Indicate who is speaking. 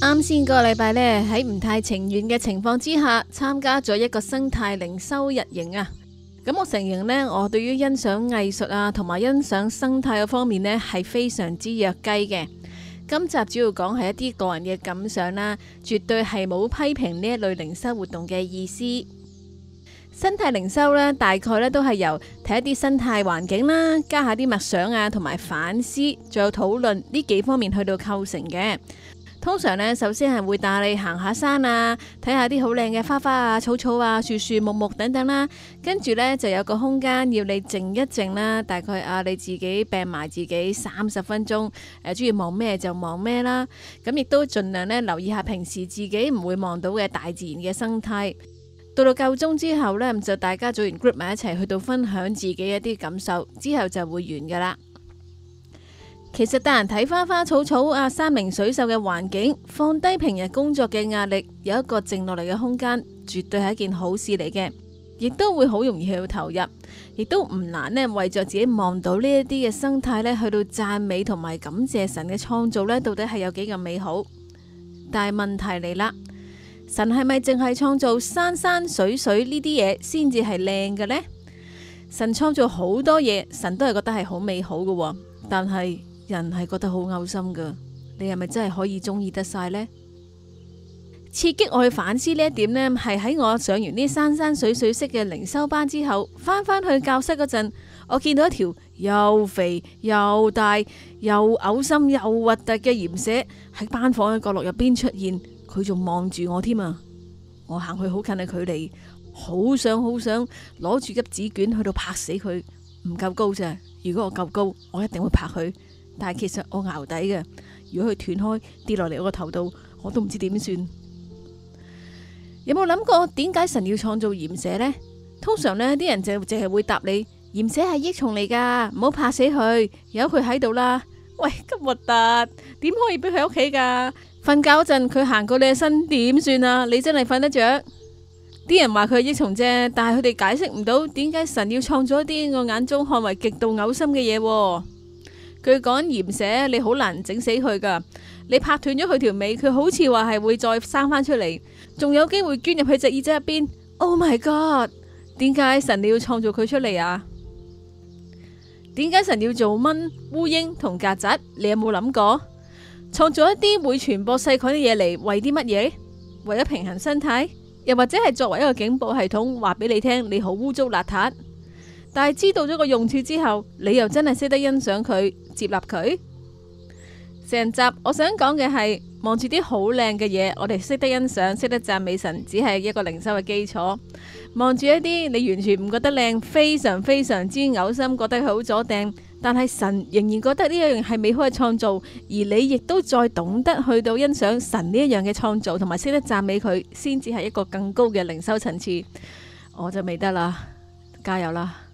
Speaker 1: 啱先個禮拜呢，喺唔太情願嘅情況之下，參加咗一個生態靈修日營啊。咁我承認呢，我對於欣賞藝術啊，同埋欣賞生態嘅方面呢，係非常之弱雞嘅。今集主要講係一啲個人嘅感想啦，絕對係冇批評呢一類靈修活動嘅意思。生態靈修呢，大概呢都係由睇一啲生態環境啦，加下啲默想啊，同埋反思，仲有討論呢幾方面去到構成嘅。通常咧，首先係會帶你行下山啊，睇下啲好靚嘅花花啊、草草啊、樹樹木木等等啦。跟住咧，就有個空間要你靜一靜啦，大概啊，你自己病埋自己三十分鐘，誒中意望咩就望咩啦。咁亦都盡量咧，留意下平時自己唔會望到嘅大自然嘅生態。到到夠鐘之後咧，就大家做完 group 埋一齊去到分享自己一啲感受，之後就會完噶啦。其實帶人睇花花草草啊，山明水秀嘅環境，放低平日工作嘅壓力，有一個靜落嚟嘅空間，絕對係一件好事嚟嘅，亦都會好容易去投入，亦都唔難呢。為着自己望到呢一啲嘅生態呢，去到讚美同埋感謝神嘅創造呢，到底係有幾咁美好。但係問題嚟啦，神係咪淨係創造山山水水呢啲嘢先至係靚嘅呢？神創造好多嘢，神都係覺得係好美好㗎，但係。人係覺得好嘔心噶，你係咪真係可以中意得晒呢？刺激我去反思呢一點呢，係喺我上完呢山山水水式嘅靈修班之後，翻返去教室嗰陣，我見到一條又肥又大又嘔心又核突嘅鹽蛇喺班房嘅角落入邊出現，佢仲望住我添啊！我行去好近嘅距離，好想好想攞住一紙卷去到拍死佢，唔夠高咋？如果我夠高，我一定會拍佢。但係其實我淆底嘅，如果佢斷開跌落嚟我個頭度，我都唔知點算。有冇諗過點解神要創造鹽蛇咧？通常咧啲人就淨係會答你：鹽蛇係益蟲嚟噶，唔好怕死佢，有佢喺度啦。喂，咁核突，點可以俾佢喺屋企噶？瞓覺嗰陣佢行過你嘅身，點算啊？你真係瞓得着？啲人話佢係益蟲啫，但係佢哋解釋唔到點解神要創造一啲我眼中看為極度嘔心嘅嘢。佢講鹽蛇，你好難整死佢噶。你拍斷咗佢條尾，佢好似話係會再生返出嚟，仲有機會鑽入去隻耳仔入邊。Oh my god！點解神你要創造佢出嚟啊？點解神要做蚊、烏蠅同曱甴？你有冇諗過？創造一啲會傳播細菌嘅嘢嚟，為啲乜嘢？為咗平衡生態，又或者係作為一個警報系統，話俾你聽你好污糟邋遢。但係知道咗個用處之後，你又真係識得欣賞佢、接納佢。成集我想講嘅係，望住啲好靚嘅嘢，我哋識得欣賞、識得讚美神，只係一個靈修嘅基礎。望住一啲你完全唔覺得靚，非常非常之嘔心，覺得佢好阻埞，但係神仍然覺得呢一樣係美好嘅創造，而你亦都再懂得去到欣賞神呢一樣嘅創造，同埋識得讚美佢，先至係一個更高嘅靈修層次。我就未得啦，加油啦！